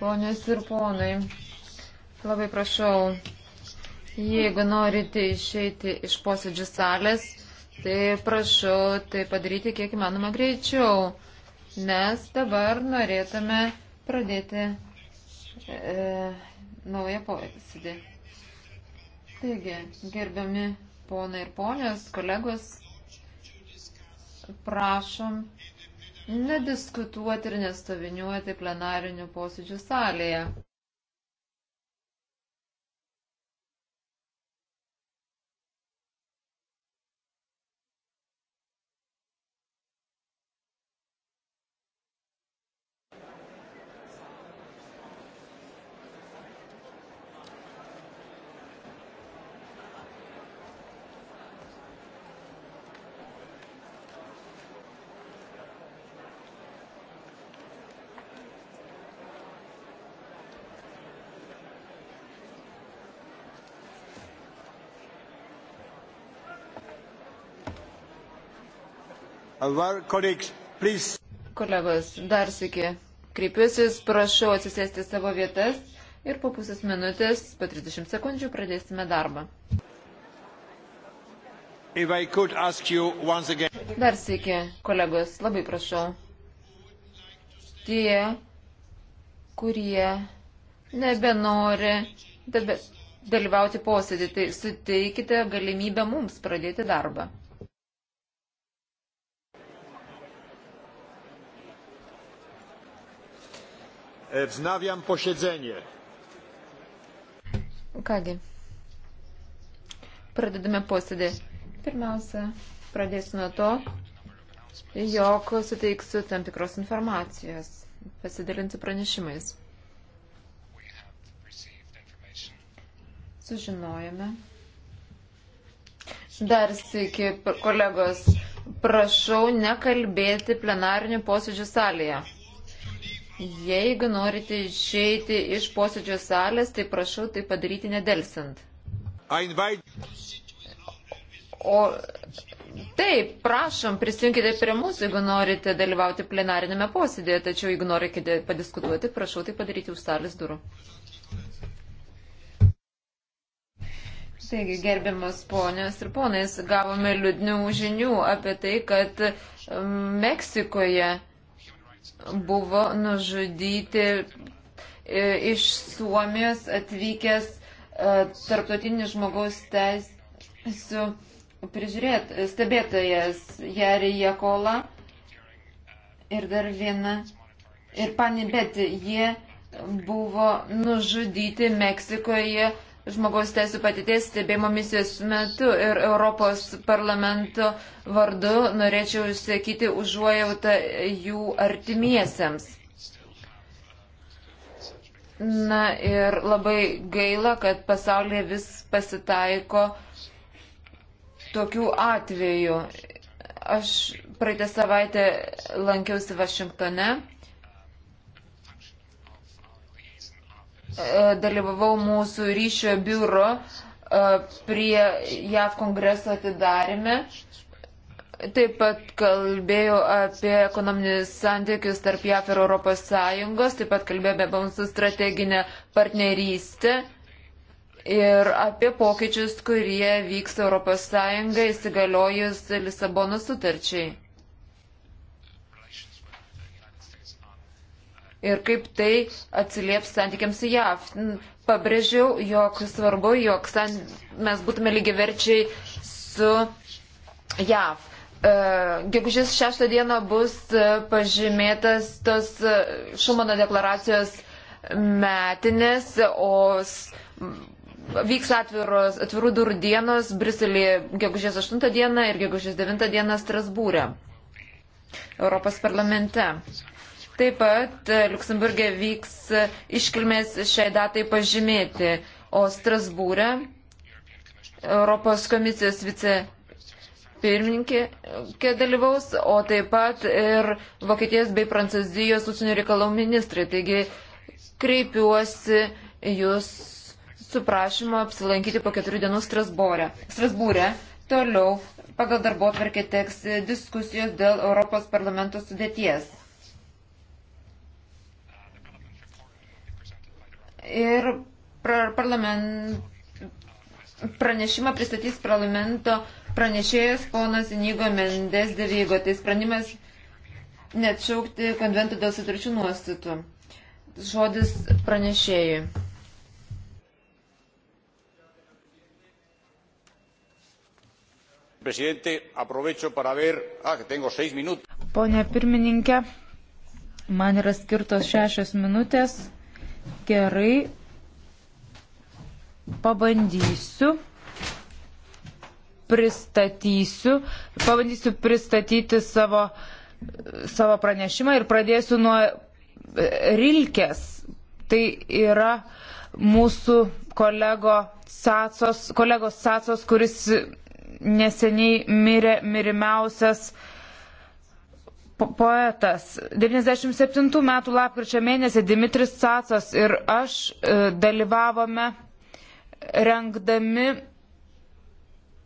Ponios ir ponai, labai prašau, jeigu norite išeiti iš posėdžių salės, tai prašau tai padaryti kiek įmanoma greičiau, nes dabar norėtume pradėti e, naują posėdį. Taigi, gerbiami ponai ir ponios, kolegos, prašom nediskutuoti ir nestoviniuoti plenarinių posėdžių salėje. Kolegos, dar sėki. Kreipiuosis, prašau atsisėsti savo vietas ir po pusės minutės, po 30 sekundžių pradėsime darbą. Dar sėki, kolegos, labai prašau. Tie, kurie nebenori dalyvauti posėdį, tai suteikite galimybę mums pradėti darbą. Wznawiam posiedzenie. Kągi, pradedame posėdį. Pirmiausia, pradėsiu nuo to, jog suteiksiu tam tikros informacijos, pasidalinsiu pranešimais. Sužinojame. Dar sėki, kolegos, prašau nekalbėti plenarinių posėdžių salėje. Jeigu norite išeiti iš posėdžio salės, tai prašau tai padaryti nedelsant. O taip, prašom, prisijunkite prie mūsų, jeigu norite dalyvauti plenarinėme posėdėje, tačiau jeigu norite padiskutuoti, prašau tai padaryti už salės durų. Taigi, gerbiamas ponios ir ponais, gavome liūdnių žinių apie tai, kad Meksikoje buvo nužudyti e, iš Suomijos atvykęs e, tarptautinis žmogaus teisų stebėtojas Jari Jakola ir dar viena ir Panibeti. Jie buvo nužudyti Meksikoje žmogaus teisų patitės stebėjimo misijos metu ir Europos parlamento vardu norėčiau išsakyti užuojautą jų artimiesiems. Na ir labai gaila, kad pasaulyje vis pasitaiko tokių atvejų. Aš praeitą savaitę lankiausi Vašingtone E, dalyvavau mūsų ryšio biuro e, prie JAV kongreso atidarime. Taip pat kalbėjau apie ekonominius santykius tarp JAV ir Europos Sąjungos, taip pat kalbėjau apie mūsų strateginę partnerystę ir apie pokyčius, kurie vyks Europos Sąjungai įsigaliojus Lisabono sutarčiai. ir kaip tai atsilieps santykiams su JAV. Pabrėžiau, jog svarbu, jog san... mes būtume lygiverčiai su JAV. E, gegužės 6 dieną bus e, pažymėtas tos e, Šumano deklaracijos metinės, o vyks atviros, atvirų durų dienos Briselėje gegužės 8 dieną ir gegužės 9 dieną Strasbūrė, Europos parlamente. Taip pat e, Luksemburgė vyks e, iškilmės šiai datai pažymėti, o Strasbūrė Europos komisijos vice pirmininkė dalyvaus, o taip pat ir Vokietijos bei Prancūzijos užsienio reikalų ministrai. Taigi kreipiuosi jūs su prašymu apsilankyti po keturių dienų Strasbūrė. Strasbūrė. Toliau pagal darbo tvarkė teks diskusijos dėl Europos parlamento sudėties. ir parlament, pranešimą pristatys parlamento pranešėjas ponas Inigo Mendes Devygo. Tai sprendimas neatšaukti konventų dėl sutarčių nuostatų. Žodis pranešėjui. Presidente, aprovecho para ver. Ah, que tengo seis minutos. Pone pirmininkė, man yra skirtos šešios minutės. Gerai, pabandysiu, pristatysiu, pabandysiu pristatyti savo, savo pranešimą ir pradėsiu nuo e, Rilkės. Tai yra mūsų kolego Sacos, kolegos Sacos, kuris neseniai mirė mirimiausias uh, poetas. 97 metų lapkričio mėnesį Dimitris Cacas ir aš e, dalyvavome rengdami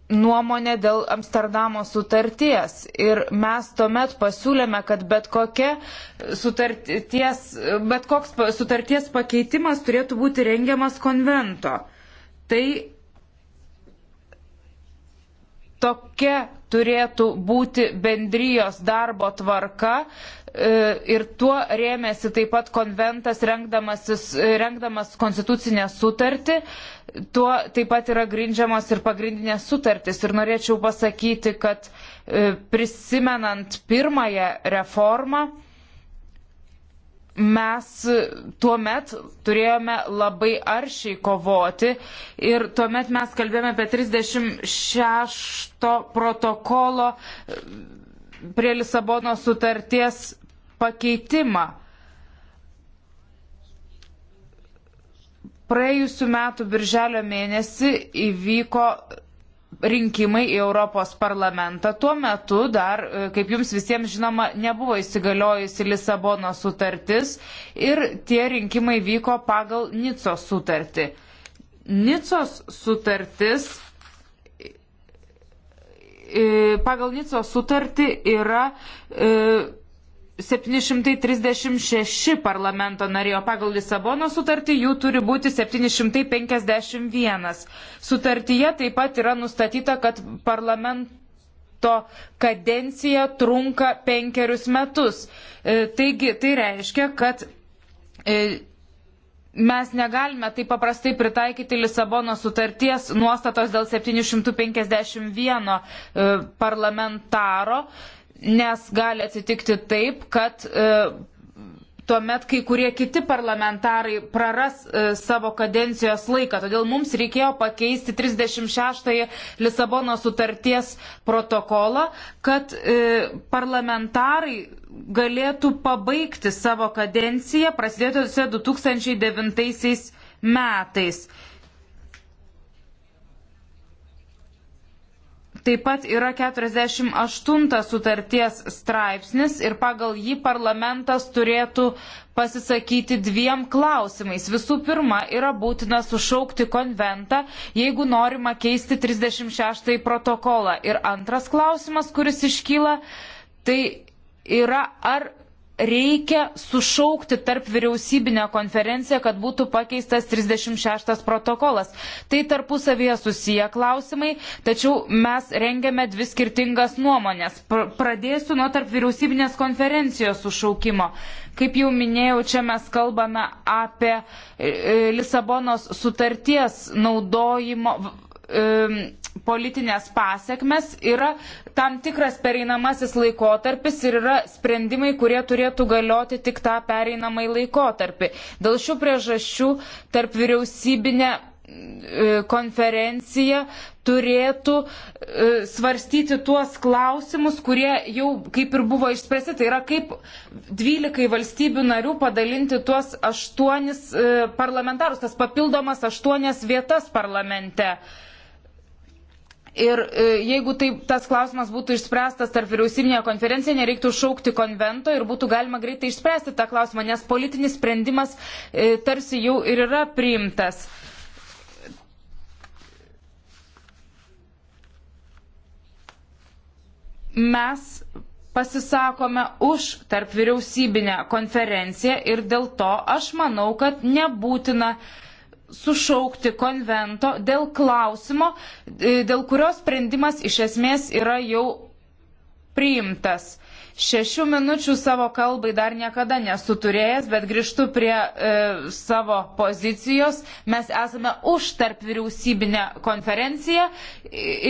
nuomonę dėl Amsterdamo sutarties. Ir mes tuomet pasiūlėme, kad bet, sutarties, bet koks sutarties pakeitimas turėtų būti rengiamas konvento. Tai tokia turėtų būti bendrijos darbo tvarka e, ir tuo rėmėsi taip pat konventas e, rengdamas konstitucinę sutartį, tuo taip pat yra grindžiamos ir pagrindinės sutartys. Ir norėčiau pasakyti, kad e, prisimenant pirmąją reformą, mes tuo met turėjome labai aršiai kovoti ir tuo met mes kalbėjome apie 36 protokolo e, prie Lisabono sutarties pakeitimą. Praėjusiu metu birželio mėnesį įvyko rinkimai į Europos parlamentą. Tuo metu dar, e, kaip jums visiems žinoma, nebuvo įsigaliojusi Lisabono sutartis ir tie rinkimai vyko pagal Nicos sutartį. Nicos sutartis. E, pagal Nicos sutartį yra e, 736 parlamento nariai, o pagal Lisabono sutartį jų turi būti 751. Sutartyje taip pat yra nustatyta, kad parlamento kadencija trunka penkerius metus. E, taigi tai reiškia, kad e, mes negalime taip paprastai pritaikyti Lisabono sutarties nuostatos dėl 751 e, parlamentaro nes gali atsitikti taip, kad e, tuomet kai kurie kiti parlamentarai praras e, savo kadencijos laiką. Todėl mums reikėjo pakeisti 36-ąjį Lisabono sutarties protokolą, kad e, parlamentarai galėtų pabaigti savo kadenciją prasidėjusią 2009 metais. Taip pat yra 48 sutarties straipsnis ir pagal jį parlamentas turėtų pasisakyti dviem klausimais. Visų pirma, yra būtina sušaukti konventą, jeigu norima keisti 36 protokolą. Ir antras klausimas, kuris iškyla, tai yra ar reikia sušaukti tarp vyriausybinę konferenciją, kad būtų pakeistas 36 protokolas. Tai tarpusavyje susiję klausimai, tačiau mes rengiame dvi skirtingas nuomonės. Pradėsiu nuo tarp vyriausybinės konferencijos sušaukimo. Kaip jau minėjau, čia mes kalbame apie e, e, Lisabonos sutarties naudojimo politinės pasiekmes, yra tam tikras pereinamasis laikotarpis ir yra sprendimai, kurie turėtų galioti tik tą pereinamai laikotarpį. Dėl šių priežasčių tarp vyriausybinė e, konferencija turėtų e, svarstyti tuos klausimus, kurie jau kaip ir buvo išspręsti. Tai yra kaip 12 valstybių narių padalinti tuos 8 e, parlamentarus, tas papildomas 8 vietas parlamente. Ir e, jeigu tai, tas klausimas būtų išspręstas tarp vyriausybinėje konferencijoje, nereiktų šaukti konvento ir būtų galima greitai išspręsti tą klausimą, nes politinis sprendimas e, tarsi jau ir yra priimtas. Mes pasisakome už tarp vyriausybinę konferenciją ir dėl to aš manau, kad nebūtina uh, sušaukti konvento dėl klausimo, e, dėl kurio sprendimas iš esmės yra jau priimtas. Šešių minučių savo kalbai dar niekada nesu turėjęs, bet grįžtu prie e, savo pozicijos. Mes esame už tarp vyriausybinę konferenciją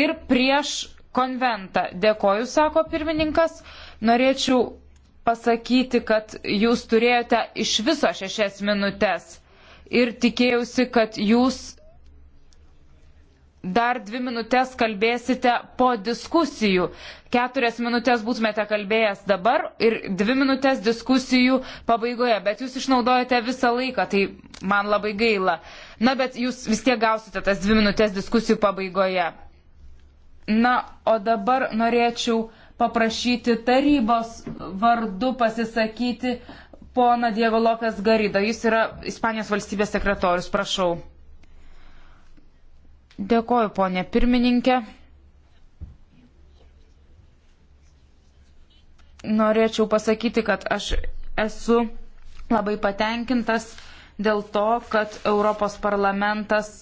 ir prieš konventą. Dėkoju, sako pirmininkas. Norėčiau pasakyti, kad jūs turėjote iš viso šešias minutės ir tikėjausi, kad jūs dar dvi minutės kalbėsite po diskusijų. Keturias minutės būtumėte kalbėjęs dabar ir dvi minutės diskusijų pabaigoje, bet jūs išnaudojate visą laiką, tai man labai gaila. Na, bet jūs vis tiek gausite tas dvi minutės diskusijų pabaigoje. Na, o dabar norėčiau paprašyti tarybos vardu pasisakyti poną Diego Lopes Garido. Jis yra Ispanijos valstybės sekretorius. Prašau. Dėkoju, ponė pirmininkė. Norėčiau pasakyti, kad aš esu labai patenkintas dėl to, kad Europos parlamentas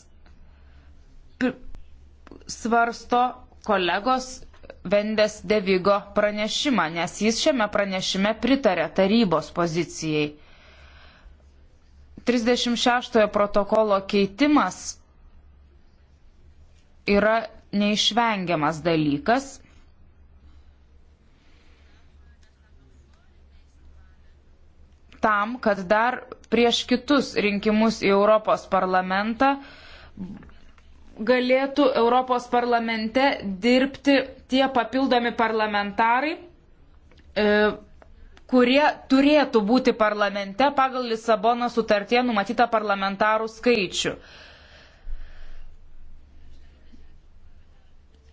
svarsto kolegos Vendes Devigo pranešimą, nes jis šiame pranešime pritarė tarybos pozicijai. 36 protokolo keitimas yra neišvengiamas dalykas, tam, kad dar prieš kitus rinkimus į Europos parlamentą galėtų Europos parlamente dirbti tie papildomi parlamentarai, e, kurie turėtų būti parlamente pagal Lisabono sutartie numatytą parlamentarų skaičių.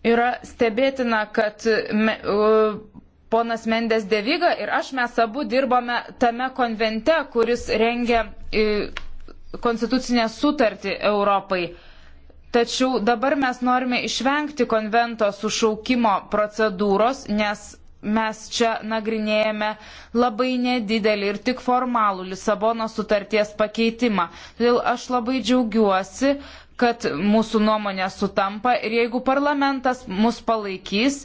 Yra stebėtina, kad me, e, ponas Mendes Deviga ir aš mes abu dirbame tame konvente, kuris rengia e, konstitucinę sutartį Europai. E, Tačiau dabar mes norime išvengti konvento sušaukimo procedūros, nes mes čia nagrinėjame labai nedidelį ir tik formalų Lisabono sutarties pakeitimą. Todėl aš labai džiaugiuosi, kad mūsų nuomonė sutampa ir jeigu parlamentas mus palaikys,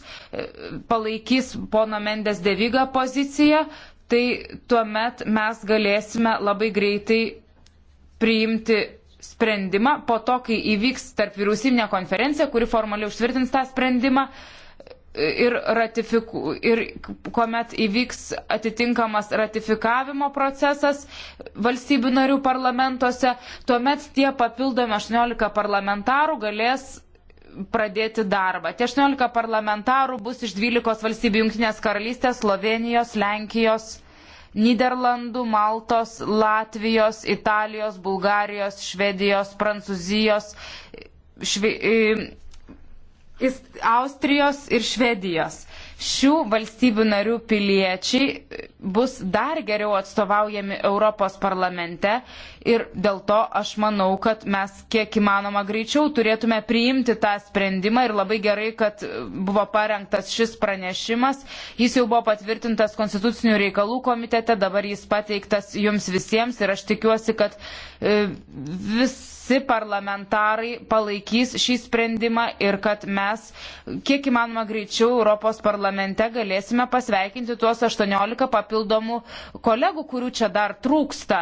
palaikys pono Mendes Devyga poziciją, tai tuomet mes galėsime labai greitai priimti sprendimą po to, kai įvyks tarp vyriausybinė konferencija, kuri formaliai užtvirtins tą sprendimą ir, ratifiku, ir kuomet įvyks atitinkamas ratifikavimo procesas valstybių narių parlamentuose, tuomet tie papildomi 18 parlamentarų galės pradėti darbą. Tie 18 parlamentarų bus iš 12 valstybių Junktinės karalystės, Slovenijos, Lenkijos. Niderlandų, Maltos, Latvijos, Italijos, Bulgarijos, Švedijos, Prancūzijos, šve, e, Austrijos ir Švedijos šių valstybių narių piliečiai bus dar geriau atstovaujami Europos parlamente ir dėl to aš manau, kad mes kiek įmanoma greičiau turėtume priimti tą sprendimą ir labai gerai, kad buvo parengtas šis pranešimas. Jis jau buvo patvirtintas Konstitucinių reikalų komitete, dabar jis pateiktas jums visiems ir aš tikiuosi, kad e, vis visi parlamentarai palaikys šį sprendimą ir kad mes kiek įmanoma greičiau Europos parlamente galėsime pasveikinti tuos 18 papildomų kolegų, kurių čia dar trūksta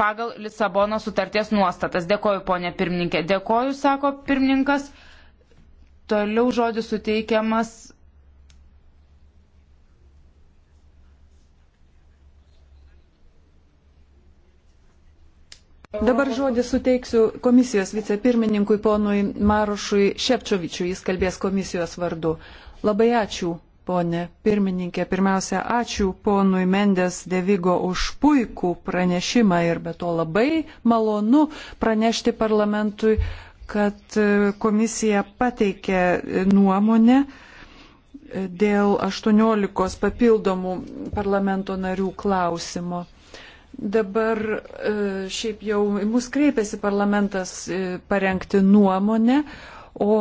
pagal Lisabono sutarties nuostatas. Dėkoju, ponė pirmininkė. Dėkoju, sako pirmininkas. Toliau žodis suteikiamas Dabar žodį suteiksiu komisijos vicepirmininkui ponui Marošui Šepčiovičiui, jis kalbės komisijos vardu. Labai ačiū Pone pirmininkė, pirmiausia, ačiū ponui Mendes Devigo už puikų pranešimą ir be to labai malonu pranešti parlamentui, kad e, komisija pateikė e, nuomonę e, dėl 18 papildomų parlamento narių klausimo. Dabar e, šiaip jau mus kreipiasi parlamentas e, parengti nuomonę, o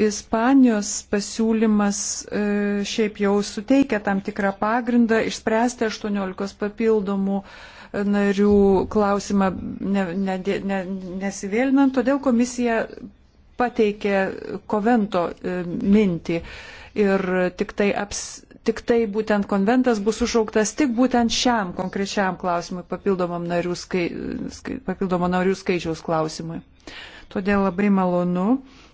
Ispanijos pasiūlymas e, šiaip jau suteikia tam tikrą pagrindą išspręsti 18 papildomų narių klausimą ne, ne, ne, nesivėlinant, todėl komisija pateikė Kovento mintį ir tik tai aps, tik tai būtent konventas bus užšauktas tik būtent šiam konkrečiam klausimui, papildomam narių, skai, skai, papildomo narių skaičiaus klausimui. Todėl labai malonu,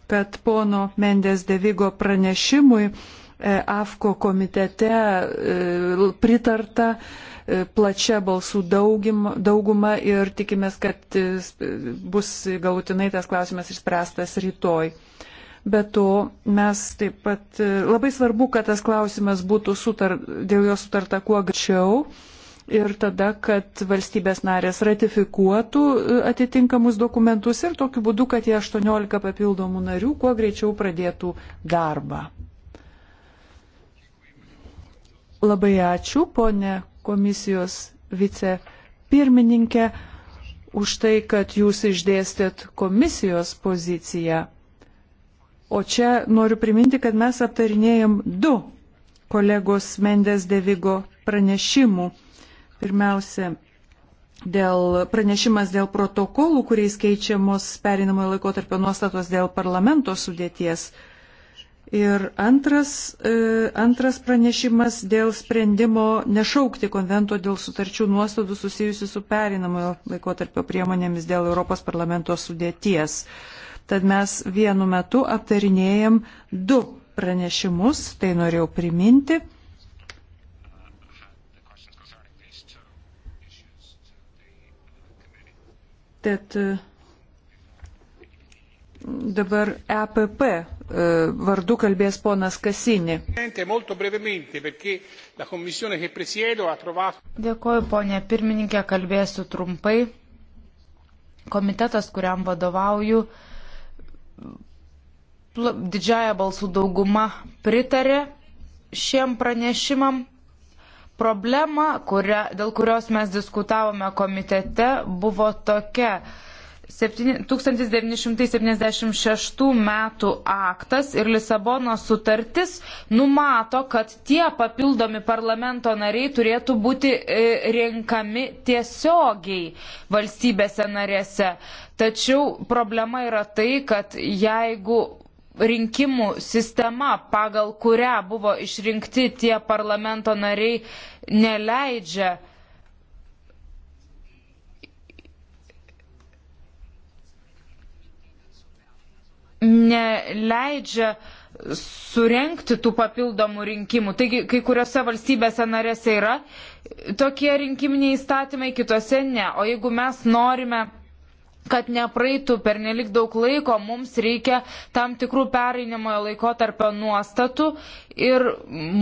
kad pono Mendės Devigo pranešimui e, AFKO komitete e, pritarta e, plačia balsų dauguma ir tikimės, kad bus galutinai tas klausimas išspręstas rytoj. Be to, mes taip pat e, labai svarbu, kad tas klausimas būtų sutar, dėl jo sutarta kuo greičiau ir tada, kad valstybės narės ratifikuotų e, atitinkamus dokumentus ir tokiu būdu, kad tie 18 papildomų narių kuo greičiau pradėtų darbą. Labai ačiū, ponė komisijos vicepirmininkė, už tai, kad jūs išdėstėt komisijos poziciją O čia noriu priminti, kad mes aptarinėjom du kolegos Mendes Devigo pranešimų. Pirmiausia, dėl, pranešimas dėl protokolų, kuriais keičiamos perinamojo laikotarpio nuostatos dėl parlamento sudėties. Ir antras, e, antras pranešimas dėl sprendimo nešaukti konvento dėl sutarčių nuostatų susijusių su perinamojo laikotarpio priemonėmis dėl Europos parlamento sudėties. E, Tad mes vienu metu aptarinėjom du pranešimus, tai norėjau priminti. Tad e, dabar EPP e, vardu kalbės ponas Kasinį. Dėkoju, ponė pirmininkė, kalbėsiu trumpai. Komitetas, kuriam vadovauju, uh, didžiaja balsų dauguma pritarė šiem pranešimam. Problema, kuria, dėl kurios mes diskutavome komitete, buvo tokia, 1976 metų aktas ir Lisabonos sutartis numato, kad tie papildomi parlamento nariai turėtų būti e, renkami tiesiogiai valstybėse narėse. Tačiau problema yra tai, kad jeigu rinkimų sistema, pagal kurią buvo išrinkti tie parlamento nariai, neleidžia neleidžia surenkti tų papildomų rinkimų. Taigi, kai kuriuose valstybėse narėse yra tokie rinkiminiai įstatymai, kitose ne. O jeigu mes norime kad nepraeitų per nelik daug laiko, mums reikia tam tikrų pereinamojo laiko tarpio nuostatų ir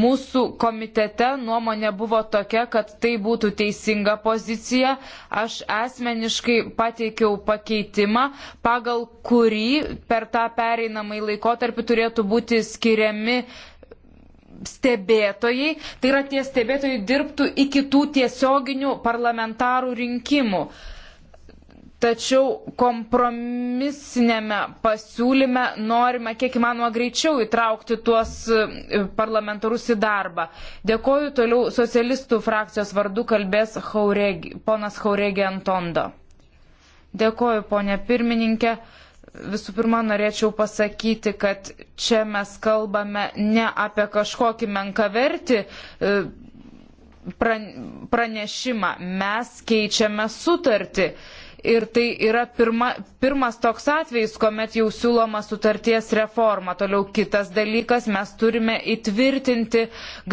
mūsų komitete nuomonė buvo tokia, kad tai būtų teisinga pozicija. Aš asmeniškai pateikiau pakeitimą, pagal kurį per tą pereinamąjį laikotarpį turėtų būti skiriami stebėtojai, tai yra tie stebėtojai dirbtų iki tų tiesioginių parlamentarų rinkimų. Tačiau kompromisinėme pasiūlyme norime kiek įmanoma greičiau įtraukti tuos e, parlamentarus į darbą. Dėkoju toliau socialistų frakcijos vardu kalbės Hauregi, ponas Hauregi Antondo. Dėkoju, ponė pirmininkė. Visų pirma, norėčiau pasakyti, kad čia mes kalbame ne apie kažkokį menkavertį e, pranešimą, mes keičiame sutartį ir tai yra pirma, pirmas toks atvejis, kuomet jau siūloma sutarties reforma. Toliau kitas dalykas, mes turime įtvirtinti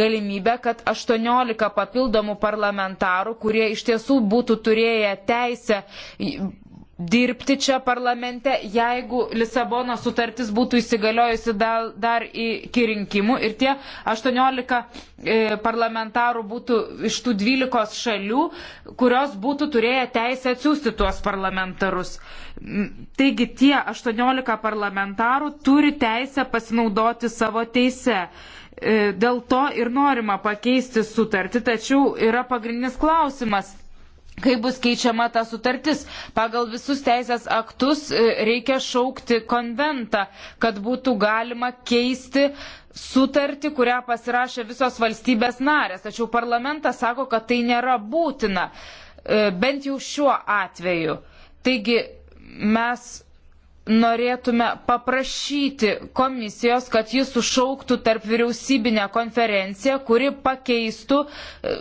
galimybę, kad 18 papildomų parlamentarų, kurie iš tiesų būtų turėję teisę dirbti čia parlamente, jeigu Lisabono sutartis būtų įsigaliojusi dar, dar iki rinkimų ir tie 18 e, parlamentarų būtų iš tų 12 šalių, kurios būtų turėję teisę atsiųsti tuos parlamentarus. Taigi tie 18 parlamentarų turi teisę pasinaudoti savo teise. E, dėl to ir norima pakeisti sutartį, tačiau yra pagrindinis klausimas, kai bus keičiama ta sutartis. Pagal visus teisės aktus e, reikia šaukti konventą, kad būtų galima keisti sutartį, kurią pasirašė visos valstybės narės. Tačiau parlamentas sako, kad tai nėra būtina, e, bent jau šiuo atveju. Taigi mes norėtume paprašyti komisijos, kad jis sušauktų tarp vyriausybinę konferenciją, kuri pakeistų e,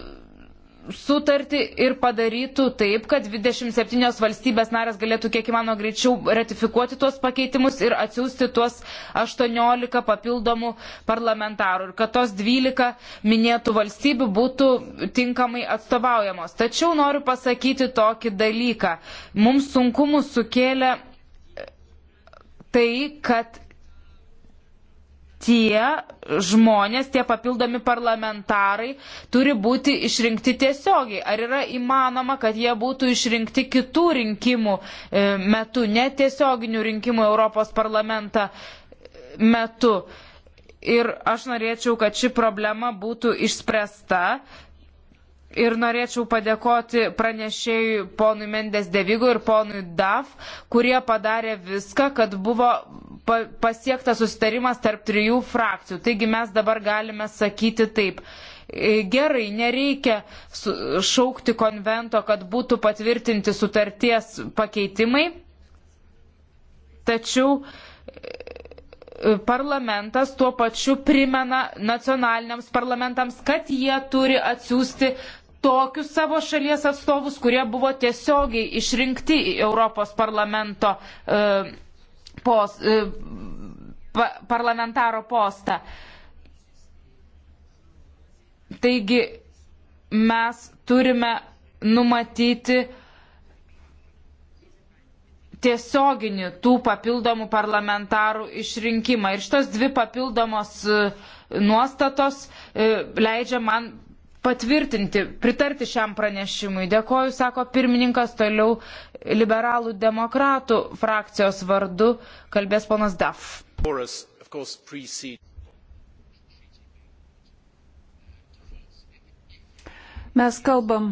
sutartį ir padarytų taip, kad 27 valstybės narės galėtų kiek įmanoma greičiau ratifikuoti tuos pakeitimus ir atsiųsti tuos 18 papildomų parlamentarų ir kad tos 12 minėtų valstybių būtų tinkamai atstovaujamos. Tačiau noriu pasakyti tokį dalyką. Mums sunkumų sukėlė tai, kad tie žmonės, tie papildomi parlamentarai turi būti išrinkti tiesiogiai. Ar yra įmanoma, kad jie būtų išrinkti kitų rinkimų e, metu, netiesioginių rinkimų Europos parlamentą e, metu? Ir aš norėčiau, kad ši problema būtų išspręsta. Ir norėčiau padėkoti pranešėjui ponui Mendes Devigo ir ponui DAF, kurie padarė viską, kad buvo pasiektas susitarimas tarp trijų frakcijų. Taigi mes dabar galime sakyti taip. E, gerai, nereikia šaukti konvento, kad būtų patvirtinti sutarties pakeitimai, tačiau e, parlamentas tuo pačiu primena nacionaliniams parlamentams, kad jie turi atsiųsti tokius savo šalies atstovus, kurie buvo tiesiogiai išrinkti į Europos parlamento. Uh, pos, e, pa, parlamentaro postą. Taigi mes turime numatyti tiesioginį tų papildomų parlamentarų išrinkimą. Ir šitos dvi papildomos e, nuostatos e, leidžia man patvirtinti, pritarti šiam pranešimui. Dėkoju, sako pirmininkas, toliau liberalų demokratų frakcijos vardu kalbės ponas Daf. Mes kalbam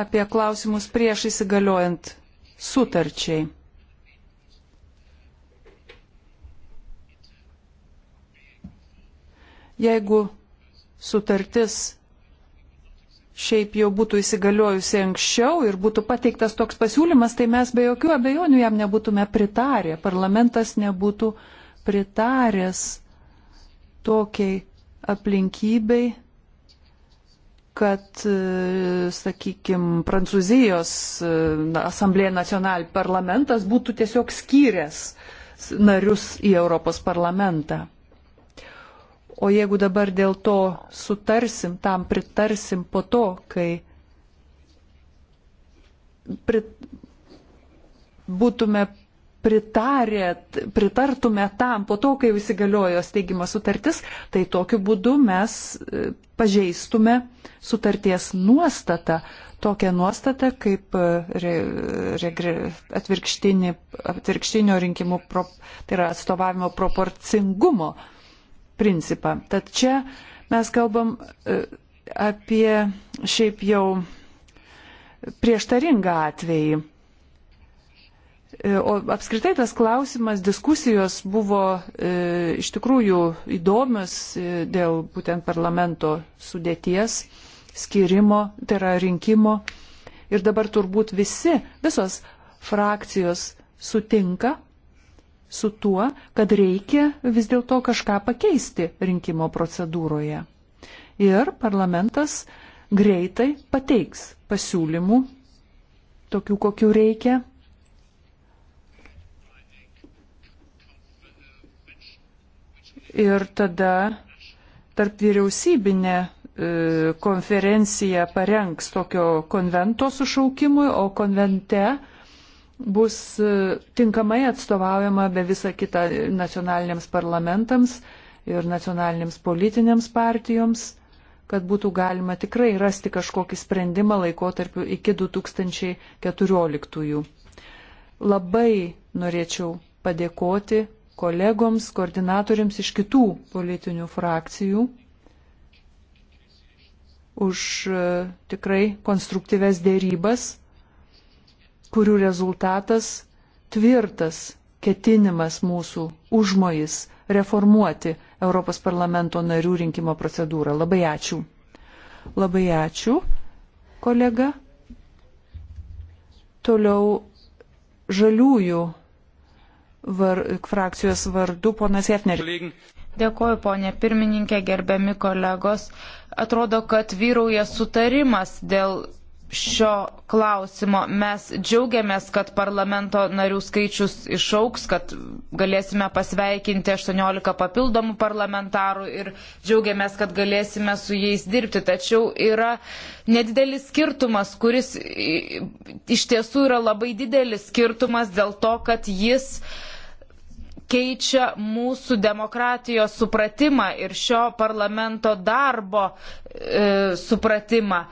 apie klausimus prieš įsigaliojant sutarčiai. Jeigu sutartis šiaip jau būtų įsigaliojusi anksčiau ir būtų pateiktas toks pasiūlymas, tai mes be jokių abejonių jam nebūtume pritarę. Parlamentas nebūtų pritaręs tokiai aplinkybei, kad, e, sakykime, Prancūzijos e, asamblėje nacional parlamentas būtų tiesiog skyręs narius į Europos parlamentą. O jeigu dabar dėl to sutarsim, tam pritarsim po to, kai prit, būtume pritarė, pritartume tam po to, kai įsigaliojo steigimo sutartis, tai tokiu būdu mes e, pažeistume sutarties nuostatą, tokią nuostatą kaip e, re, re, atvirkštinio rinkimų, pro, tai yra atstovavimo proporcingumo uh, principą. Tad čia mes kalbam e, apie šiaip jau prieštaringą atvejį. E, o apskritai tas klausimas, diskusijos buvo e, iš tikrųjų įdomios e, dėl būtent parlamento sudėties, skirimo, tai yra rinkimo. Ir dabar turbūt visi, visos frakcijos sutinka, su tuo, kad reikia vis dėlto kažką pakeisti rinkimo procedūroje. Ir parlamentas greitai pateiks pasiūlymų, tokių kokių reikia. Ir tada tarp vyriausybinė e, konferencija parengs tokio konvento sušaukimui, o konvente bus e, tinkamai atstovaujama be visą kitą nacionaliniams parlamentams ir nacionalinėms politinėms partijoms, kad būtų galima tikrai rasti kažkokį sprendimą laikotarpiu iki 2014. Labai norėčiau padėkoti kolegoms, koordinatoriams iš kitų politinių frakcijų už e, tikrai konstruktyves dėrybas kurių rezultatas tvirtas ketinimas mūsų užmojis reformuoti Europos parlamento narių rinkimo procedūrą. Labai ačiū. Labai ačiū, kolega. Toliau žaliųjų var, frakcijos vardu ponas Jefneris. Dėkoju, ponė pirmininkė, gerbiami kolegos. Atrodo, kad vyrauja sutarimas dėl šio klausimo. Mes džiaugiamės, kad parlamento narių skaičius išauks, kad galėsime pasveikinti 18 papildomų parlamentarų ir džiaugiamės, kad galėsime su jais dirbti. Tačiau yra nedidelis skirtumas, kuris iš tiesų yra labai didelis skirtumas dėl to, kad jis keičia mūsų demokratijos supratimą ir šio parlamento darbo e, supratimą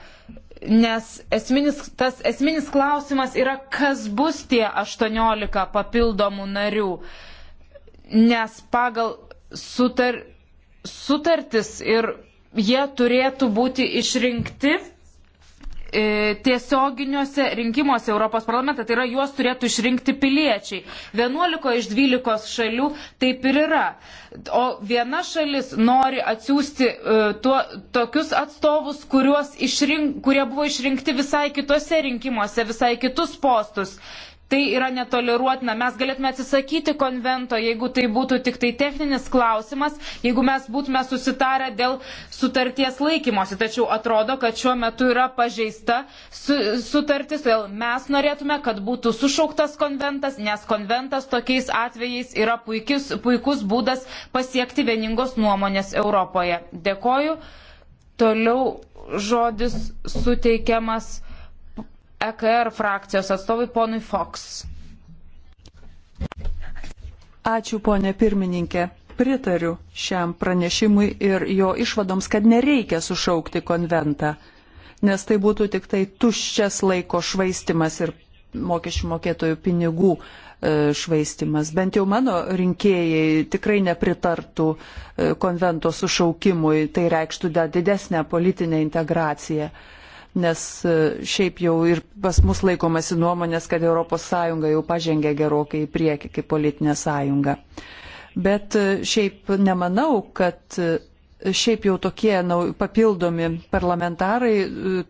nes esminis, tas esminis klausimas yra, kas bus tie 18 papildomų narių, nes pagal sutar, sutartis ir jie turėtų būti išrinkti E, tiesioginiuose rinkimuose Europos parlamentą, tai yra juos turėtų išrinkti piliečiai. 11 iš 12 šalių taip ir yra. O viena šalis nori atsiųsti e, tuo, tokius atstovus, išrink, kurie buvo išrinkti visai kitose rinkimuose, visai kitus postus. Tai yra netoleruotina. Mes galėtume atsisakyti konvento, jeigu tai būtų tik tai techninis klausimas, jeigu mes būtume susitarę dėl sutarties laikymosi. Tačiau atrodo, kad šiuo metu yra pažeista su, sutartis, todėl mes norėtume, kad būtų sušauktas konventas, nes konventas tokiais atvejais yra puikis, puikus būdas pasiekti vieningos nuomonės Europoje. Dėkoju. Toliau žodis suteikiamas EKR frakcijos atstovui ponui Fox. Ačiū, ponė pirmininkė. Pritariu šiam pranešimui ir jo išvadoms, kad nereikia sušaukti konventą, nes tai būtų tik tai tuščias laiko švaistimas ir mokesčių mokėtojų pinigų e, švaistimas. Bent jau mano rinkėjai tikrai nepritartų e, konvento sušaukimui, tai reikštų dar didesnę politinę integraciją nes e, šiaip jau ir pas mus laikomasi nuomonės, kad ES jau pažengė gerokai į priekį kaip politinė sąjunga. Bet e, šiaip nemanau, kad e, šiaip jau tokie papildomi parlamentarai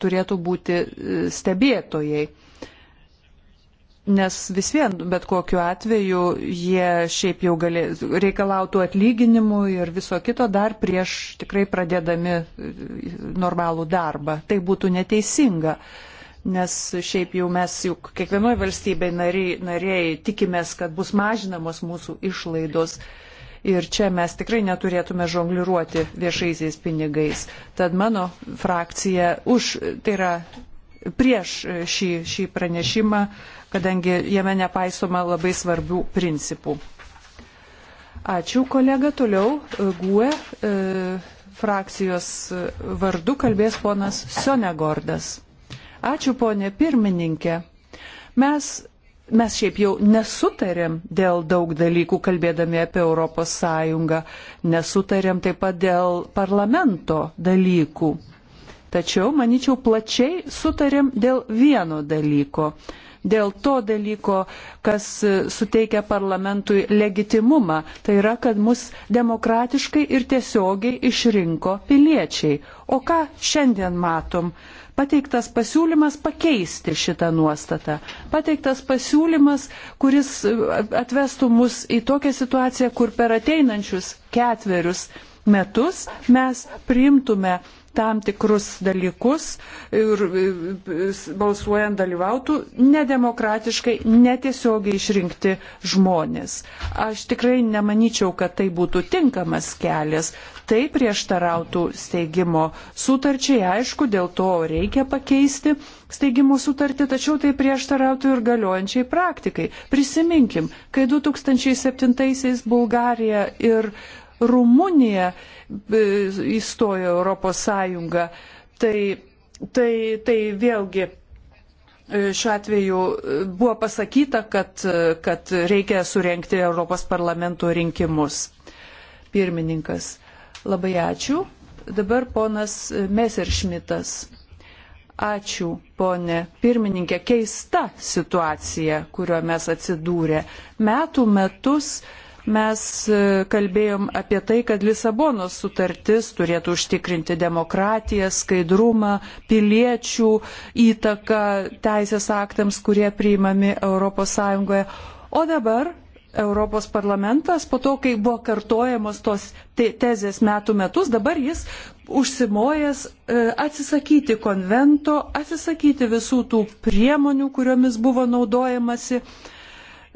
turėtų būti stebėtojai Nes vis vien, bet kokiu atveju, jie šiaip jau galė, reikalautų atlyginimų ir viso kito dar prieš tikrai pradėdami e, normalų darbą. Tai būtų neteisinga, nes šiaip jau mes juk kiekvienoje valstybėje nariai, nariai tikimės, kad bus mažinamos mūsų išlaidos. Ir čia mes tikrai neturėtume žongliruoti viešaisiais pinigais. Tad mano frakcija už, tai yra prieš e, šį, šį pranešimą, kadangi jame nepaisoma labai svarbių principų. Ačiū kolega, toliau e, GUE e, frakcijos vardu kalbės ponas Sonegordas. Ačiū ponė pirmininkė. Mes mes šiaip jau nesutarėm dėl daug dalykų, kalbėdami apie ES, nesutarėm taip pat dėl parlamento dalykų. Tačiau, manyčiau, plačiai sutarėm dėl vieno dalyko. Dėl to dalyko, kas suteikia parlamentui legitimumą, tai yra, kad mus demokratiškai ir tiesiogiai išrinko piliečiai. O ką šiandien matom? pateiktas pasiūlymas pakeisti šitą nuostatą. Pateiktas pasiūlymas, kuris atvestų mus į tokią situaciją, kur per ateinančius ketverius metus mes priimtume tam tikrus dalykus ir e, balsuojant dalyvautų nedemokratiškai, netiesiogiai išrinkti žmonės. Aš tikrai nemanyčiau, kad tai būtų tinkamas kelias. Tai prieštarautų steigimo sutarčiai, aišku, dėl to reikia pakeisti steigimo sutartį, tačiau tai prieštarautų ir galiojančiai praktikai. Prisiminkim, kai 2007-aisiais Bulgarija ir Rumunija E, įstojo Europos Sąjungą, tai, tai, tai vėlgi e, šiuo atveju e, buvo pasakyta, kad, kad reikia surenkti Europos parlamento rinkimus. Pirmininkas, labai ačiū. Dabar ponas Messeršmitas. Ačiū, ponė pirmininkė. Keista situacija, kurio mes atsidūrė. Metų metus uh, mes e, kalbėjom apie tai, kad Lisabonos sutartis turėtų užtikrinti demokratiją, skaidrumą, piliečių įtaką teisės aktams, kurie priimami ES. O dabar Europos parlamentas, po to, kai buvo kartojamos tos te tezės metų metus, dabar jis užsimojęs e, atsisakyti konvento, atsisakyti visų tų priemonių, kuriomis buvo naudojamasi.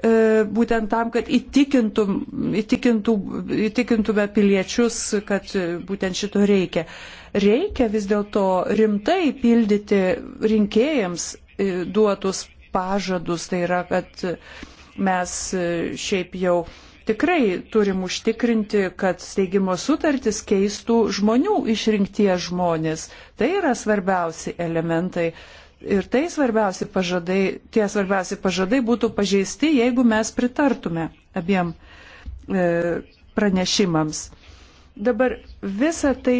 E, būtent tam, kad įtikintum, įtikintų, įtikintume piliečius, kad e, būtent šito reikia. Reikia vis dėlto rimtai pildyti rinkėjams e, duotus pažadus, tai yra, kad mes šiaip jau tikrai turim užtikrinti, kad steigimo sutartis keistų žmonių išrinktie žmonės. Tai yra svarbiausi elementai ir tai svarbiausi pažadai, tie svarbiausi pažadai būtų pažeisti, jeigu mes pritartume abiem e, pranešimams. Dabar visa tai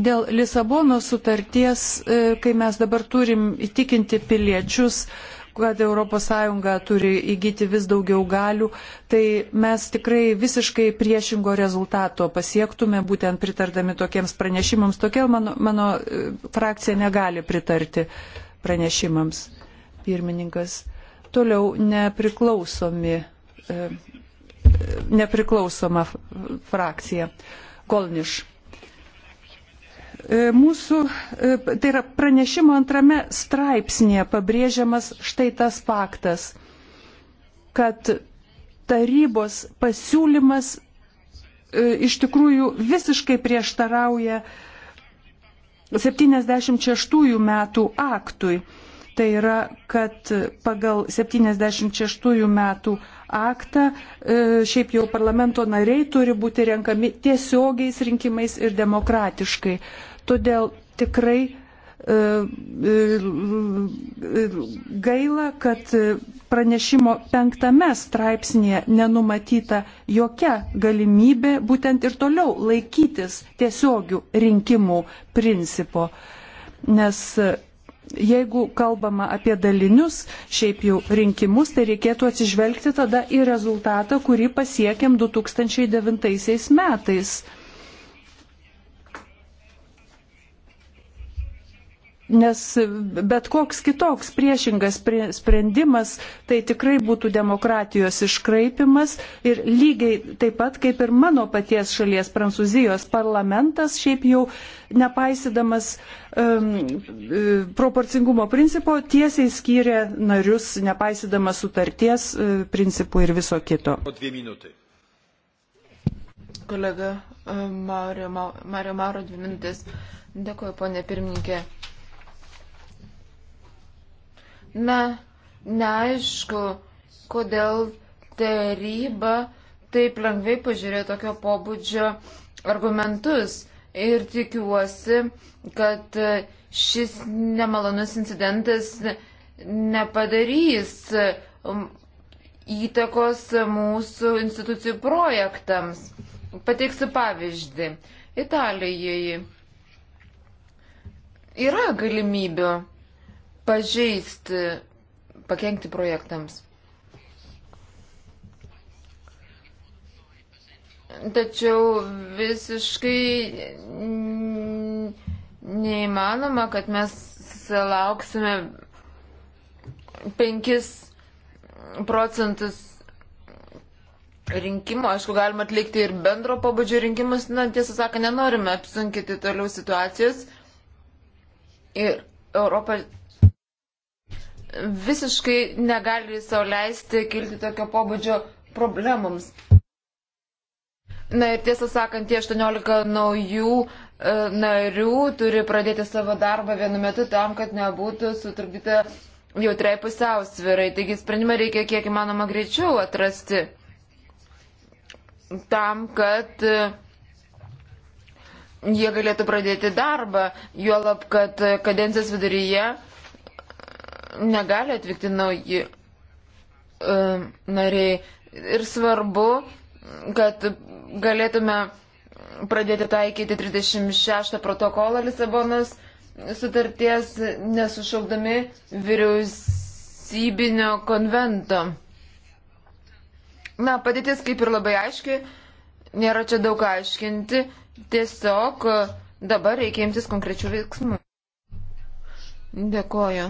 dėl Lisabono sutarties, e, kai mes dabar turim įtikinti piliečius, e, kad ES turi įgyti vis daugiau galių, tai mes tikrai visiškai priešingo rezultato pasiektume, būtent pritardami tokiems pranešimams. Tokia mano, mano e, frakcija negali pritarti pranešimams. Pirmininkas. Toliau nepriklausomi, e, e, nepriklausoma frakcija. Kolniš. E, mūsų, e, tai yra pranešimo antrame straipsnėje pabrėžiamas štai tas faktas, kad tarybos pasiūlymas e, iš tikrųjų visiškai prieštarauja 76 metų aktui. Tai yra, kad pagal 76 metų aktą šiaip jau parlamento nariai turi būti renkami tiesiogiais rinkimais ir demokratiškai. Todėl tikrai e, e, gaila, kad pranešimo penktame straipsnėje nenumatyta jokia galimybė būtent ir toliau laikytis tiesiogių rinkimų principo. Nes e, jeigu kalbama apie dalinius šiaip jau rinkimus, tai reikėtų atsižvelgti tada į rezultatą, kurį pasiekėm 2009 metais nes bet koks kitoks priešingas sprendimas tai tikrai būtų demokratijos iškraipimas ir lygiai taip pat kaip ir mano paties šalies Prancūzijos parlamentas šiaip jau nepaisydamas um, e, proporcingumo principo tiesiai skyrė narius nepaisydamas sutarties e, principų ir viso kito. Kolega e, Mario Maro, Mario Maro dvi minutės. Dėkuoju, ponė pirmininkė. Na, neaišku, kodėl taryba taip lengvai pažiūrėjo tokio pobūdžio argumentus ir tikiuosi, kad šis nemalonus incidentas nepadarys um, įtakos mūsų institucijų projektams. Pateiksiu pavyzdį. Italijoje yra galimybių pažeisti, pakengti projektams. Tačiau visiškai neįmanoma, kad mes lauksime 5 procentus rinkimų. Aišku, galima atlikti ir bendro pabudžio rinkimus. Na, tiesą sakant, nenorime apsunkinti toliau situacijos. Ir Europa visiškai negali sauliaisti kilti tokio pobūdžio problemams. Na ir tiesą sakant, tie 18 naujų e, narių turi pradėti savo darbą vienu metu tam, kad nebūtų sutrukdyta jautrai pusiausvirai. Taigi sprendimą reikia kiek įmanoma greičiau atrasti tam, kad e, jie galėtų pradėti darbą, juolab, kad kadencijos viduryje negali atvykti nauji e, nariai. Ir svarbu, kad galėtume pradėti taikyti 36 protokolą Lisabonos sutarties nesušaukdami vyriausybinio konvento. Na, padėtis kaip ir labai aiški, nėra čia daug aiškinti, tiesiog dabar reikia imtis konkrečių veiksmų. Dėkoju.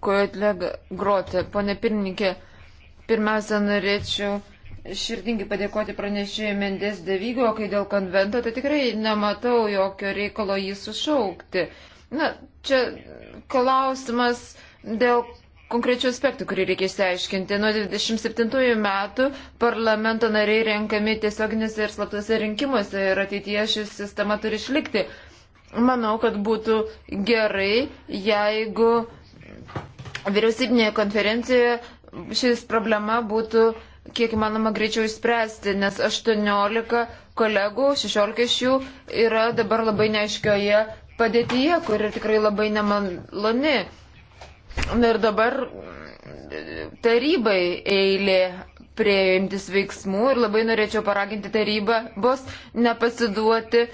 kolega Grotė. Pone pirmininkė, pirmiausia, norėčiau širdingai padėkoti pranešėjai Mendes Devygo, kai dėl konvento, tai tikrai nematau jokio reikalo jį sušaukti. Na, čia klausimas dėl konkrečių aspektų, kurį reikia išsiaiškinti. Nuo 27 metų parlamento nariai renkami tiesioginėse ir slaptose rinkimuose ir ateityje ši sistema turi išlikti. Manau, kad būtų gerai, jeigu vyriausybinėje konferencijoje šis problema būtų kiek įmanoma greičiau išspręsti, nes 18 kolegų, 16 iš jų yra dabar labai neaiškioje padėtyje, kuri tikrai labai nemaloni. Na ir dabar mm, tarybai eilė, prieimtis veiksmų ir labai norėčiau paraginti tarybą bus nepasiduoti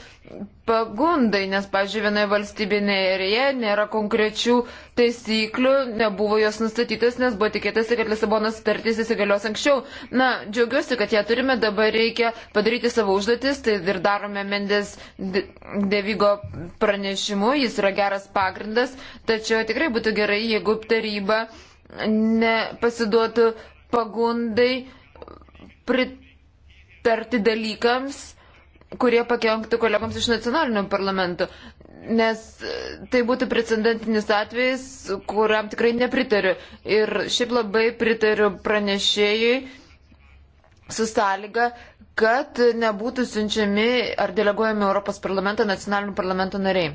pagundai, nes, pažiūrėjau, vienoje valstybinėje nėra konkrečių taisyklių, nebuvo jos nustatytas, nes buvo tikėtasi, kad Lisabonos sutartys įsigalios anksčiau. Na, džiaugiuosi, kad ją turime, dabar reikia padaryti savo užduotis, tai ir darome Mendes Devigo pranešimu, jis yra geras pagrindas, tačiau tikrai būtų gerai, jeigu taryba nepasiduotų pagundai pritarti dalykams, kurie pakenktų kolegams iš nacionalinių parlamentų. Nes e, tai būtų precedentinis atvejis, kuriam tikrai nepritariu. Ir šiaip labai pritariu pranešėjui su sąlyga, kad nebūtų siunčiami ar deleguojami Europos parlamento nacionalinių parlamento nariai.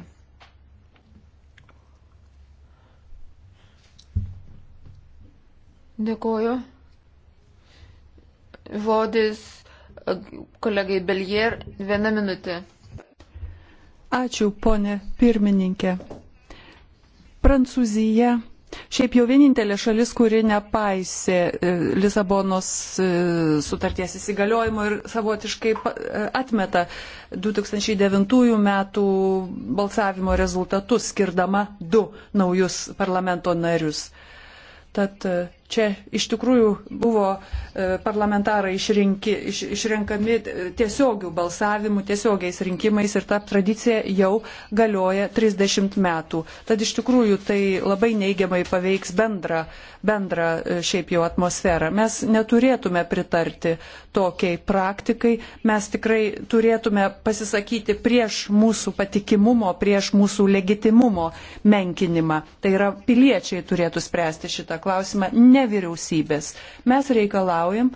Dėkuoju. Vodis kolegai Belier, viena minutė. Ačiū, ponė pirmininkė. Prancūzija Šiaip jau vienintelė šalis, kuri nepaisė e, Lisabonos e, sutarties įsigaliojimo ir savotiškai e, atmeta 2009 metų balsavimo rezultatus, skirdama du naujus parlamento narius. Tad Čia iš tikrųjų buvo e, parlamentarai išrinki, iš, išrenkami tiesiogių balsavimų, tiesiogiais rinkimais ir ta tradicija jau galioja 30 metų. Tad iš tikrųjų tai labai neigiamai paveiks bendrą, bendrą e, šiaip jau atmosferą. Mes neturėtume pritarti tokiai praktikai, mes tikrai turėtume pasisakyti prieš mūsų patikimumo, prieš mūsų legitimumo menkinimą. Tai yra piliečiai turėtų spręsti šitą klausimą. Ne ne vyriausybės. Mes reikalaujam,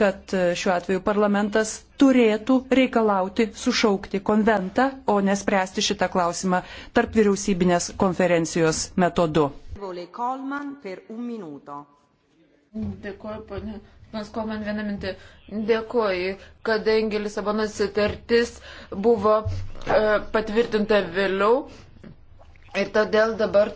kad e, šiuo atveju parlamentas turėtų reikalauti sušaukti konventą, o nespręsti šitą klausimą tarp vyriausybinės konferencijos metodu. Dėkuoju, ponė. Mas ko man vieną mintį dėkoju, kadangi Lisabonos sutartis buvo e, patvirtinta vėliau ir todėl dabar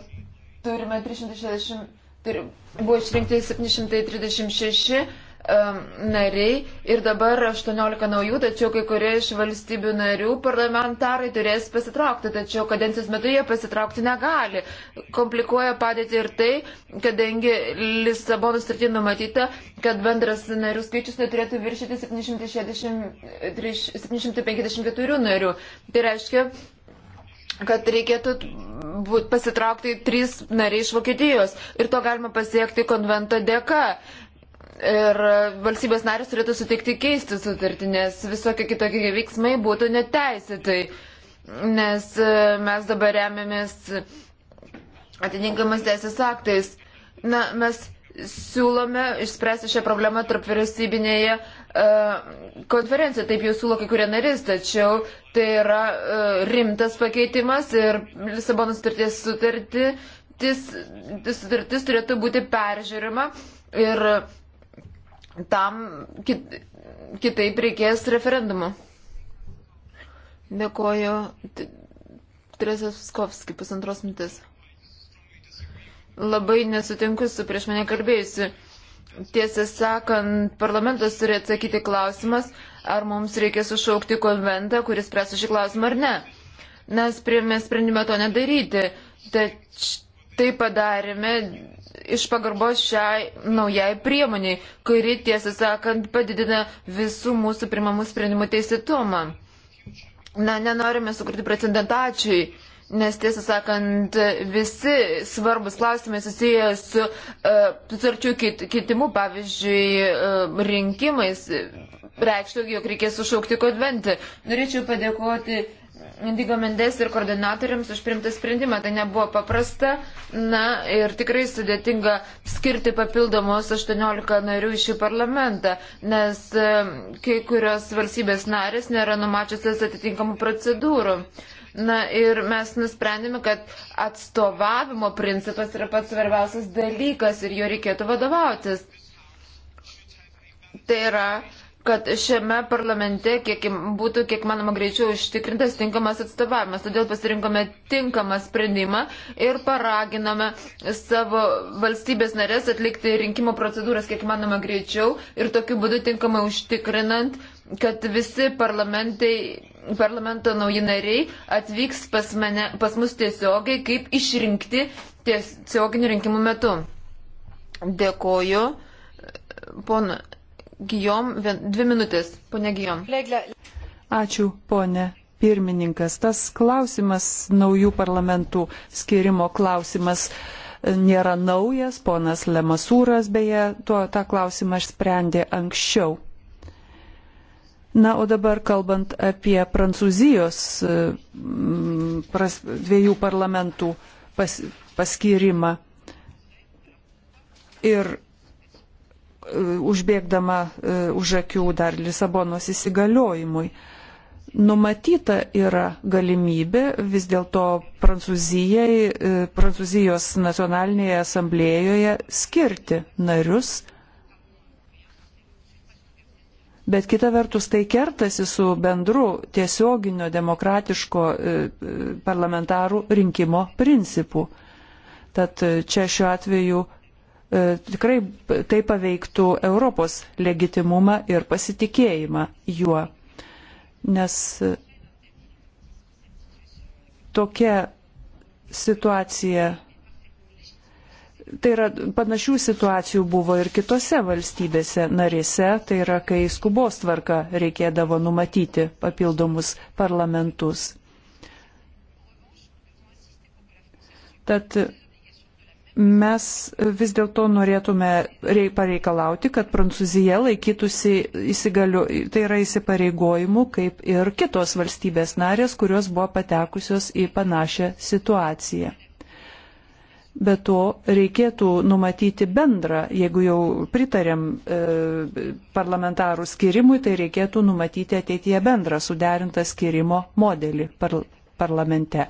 turime 360 turi, buvo išrinkti 736 um, nariai ir dabar 18 naujų, tačiau kai kurie iš valstybių narių parlamentarai turės pasitraukti, tačiau kadencijos metu jie pasitraukti negali. Komplikuoja padėti ir tai, kadangi Lisabono sutartį numatyta, kad bendras narių skaičius neturėtų viršyti 760, 754 narių. Tai reiškia, kad reikėtų pasitraukti trys nariai iš Vokietijos. Ir to galima pasiekti konvento dėka. Ir valstybės narės turėtų sutikti keisti sutartį, nes visokie kitokie veiksmai būtų neteisėtai. Nes e, mes dabar remiamės atitinkamas teisės aktais. Na, mes siūlome išspręsti šią problemą tarp vyriausybinėje e, konferencijoje. Taip jau siūlo kai kurie narys, tačiau tai yra e, rimtas pakeitimas ir Lisabono sutarties sutartis, sutartis turėtų būti peržiūrima ir tam kit, kitaip reikės referendumo. Dėkoju. Teresės Skovski, pusantros mintis labai nesutinku su prieš mane kalbėjusiu. Tiesą sakant, parlamentas turi atsakyti klausimas, ar mums reikia sušaukti konventą, kuris spręsų šį klausimą ar ne. Mes priėmė sprendimą to nedaryti, tač tai padarėme iš pagarbos šiai naujai priemoniai, kuri, tiesą sakant, padidina visų mūsų primamų sprendimų teisėtumą. Na, nenorime sukurti precedentačiai nes tiesą sakant, visi svarbus klausimai susiję su e, sutarčių uh, kitimu, pavyzdžiui, uh, rinkimais, e, reikštų, jog reikės sušaukti konventį. Norėčiau padėkoti Indigo Mendes ir koordinatoriams už primtą sprendimą. Tai nebuvo paprasta. Na ir tikrai sudėtinga skirti papildomus 18 narių iš šį parlamentą, nes kai kurios valstybės narės nėra numačiusios atitinkamų procedūrų. Uh, Na ir mes nusprendėme, kad atstovavimo principas yra pats svarbiausias dalykas ir jo reikėtų vadovautis. Tai yra, kad šiame parlamente kiek būtų kiek manoma greičiau užtikrintas tinkamas atstovavimas. Todėl pasirinkome tinkamą sprendimą ir paraginome savo valstybės narės atlikti rinkimo procedūras kiek manoma greičiau ir tokiu būdu tinkamai užtikrinant, kad visi parlamentai parlamento nauji nariai atvyks pas, mane, pas mus tiesiogiai, kaip išrinkti tiesioginių rinkimų metu. Dėkoju. Pona Gijom, dvi minutės. Pone Gijom. Ačiū, ponė pirmininkas. Tas klausimas, naujų parlamentų skirimo klausimas, e, nėra naujas. Ponas Lemasūras beje, tuo tą klausimą sprendė anksčiau. Na, o dabar kalbant apie Prancūzijos e, pras, dviejų parlamentų pas, paskirimą ir e, užbėgdama e, už akių dar Lisabonos įsigaliojimui numatyta yra galimybė vis dėlto Prancūzijai, Prancūzijos nacionalinėje asamblėjoje skirti narius Bet kita vertus tai kertasi su bendru tiesioginio demokratiško e, e, parlamentarų rinkimo principu. Tad e, čia šiuo atveju tikrai tai paveiktų Europos legitimumą ir pasitikėjimą juo. Nes tokia situacija Tai yra panašių situacijų buvo ir kitose valstybėse narėse, tai yra, kai skubos tvarka reikėdavo numatyti papildomus parlamentus. Tad mes vis dėlto norėtume pareikalauti, kad Prancūzija laikytųsi įsigaliu, tai yra įsipareigojimų, kaip ir kitos valstybės narės, kurios buvo patekusios į panašią situaciją. Be to reikėtų numatyti bendrą, jeigu jau pritarėm e, parlamentarų skirimui, tai reikėtų numatyti ateityje bendrą suderintą skirimo modelį par, parlamente.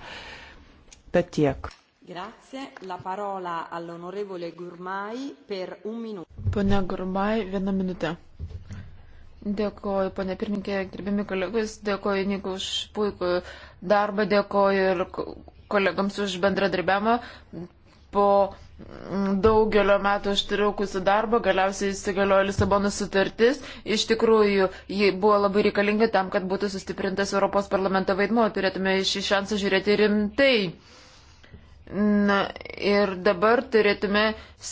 Tad tiek. Grazie. La parola all'onorevole Gurmai per un minuto. Pone Gurmai, vieną minutę. Dėkoju, pane pirmininkė, gerbėmi kolegos, dėkoju Niku už puikų darbą, dėkoju ir kolegams už bendradarbiavimą po daugelio metų užtraukusi darbą, galiausiai įsigaliojo Lisabono sutartis. Iš tikrųjų, ji buvo labai reikalinga tam, kad būtų sustiprintas Europos parlamento vaidmuo, turėtume šį šansą žiūrėti rimtai. Na ir dabar turėtume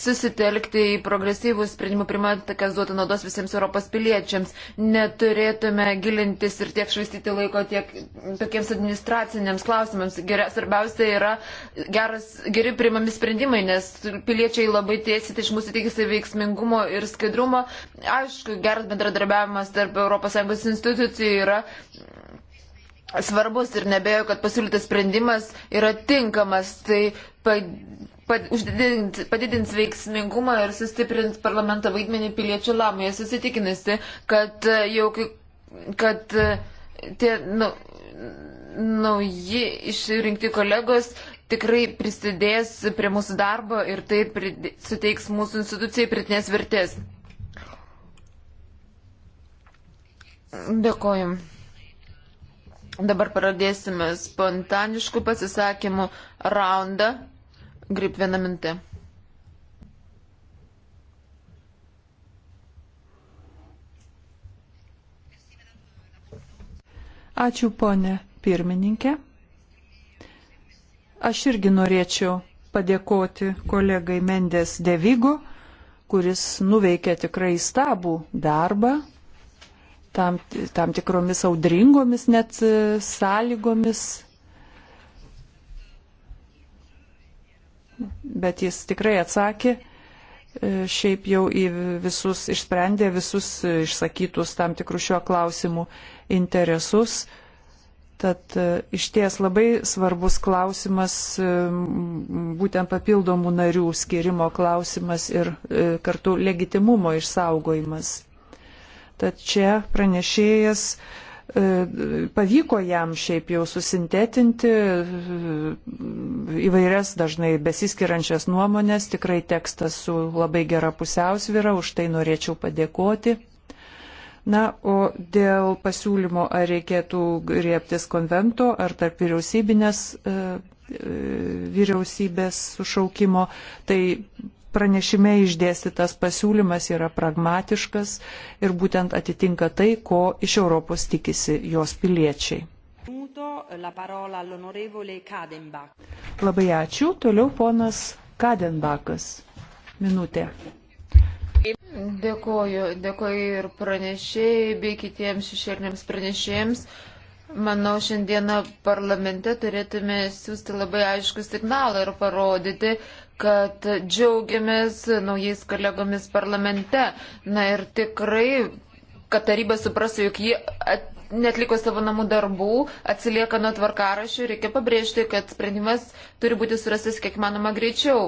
susitelkti į progresyvų sprendimų primantą, kas duotų naudos visiems Europos piliečiams. Neturėtume gilintis ir tiek švaistyti laiko tiek tokiems administraciniams klausimams. Geria, svarbiausia yra geras, geri primami sprendimai, nes piliečiai labai tiesit iš mūsų tikisi veiksmingumo ir skaidrumo. Aišku, geras bendradarbiavimas tarp ES institucijų yra svarbus ir nebejoju, kad pasiūlytas sprendimas yra tinkamas. Tai padidins, padidins veiksmingumą ir sustiprins parlamento vaidmenį piliečių lamoje. Susitikinusi, kad e, jau kad e, tie nu, nauji išrinkti kolegos tikrai prisidės prie mūsų darbo ir tai pridė, suteiks mūsų institucijai pritinės vertės. Dėkojim. Dabar pradėsime spontaniškų pasisakymų raundą. Grip vieną mintį. Ačiū, ponė pirmininkė. Aš irgi norėčiau padėkoti kolegai Mendes Devigo, kuris nuveikė tikrai stabų darbą, tam, tam tikromis audringomis net e, sąlygomis. Bet jis tikrai atsakė, e, šiaip jau į visus išsprendė visus e, išsakytus tam tikrus šiuo klausimu interesus. Tad iš ties labai svarbus klausimas, būtent papildomų narių skirimo klausimas ir kartu legitimumo išsaugojimas. Tad čia pranešėjas e, pavyko jam šiaip jau susintetinti e, įvairias dažnai besiskiriančias nuomonės, tikrai tekstas su labai gera pusiausvyra, už tai norėčiau padėkoti. Na, o dėl pasiūlymo, ar reikėtų griebtis konvento ar tarp vyriausybinės e, vyriausybės sušaukimo, tai pranešime išdėstytas pasiūlymas yra pragmatiškas ir būtent atitinka tai, ko iš Europos tikisi jos piliečiai. Labai ačiū. Toliau ponas Kadenbakas. Minutė. Dėkuoju, dėkuoju ir pranešėjai, bei kitiems šešėliniams pranešėjams. Manau, šiandieną parlamente turėtume siūsti labai aišku signalą ir parodyti, kad džiaugiamės naujais kolegomis parlamente. Na ir tikrai, kad taryba suprasų, jog jie netliko savo namų darbų, atsilieka nuo tvarkarašių, reikia pabrėžti, kad sprendimas turi būti surastas kiek manoma greičiau.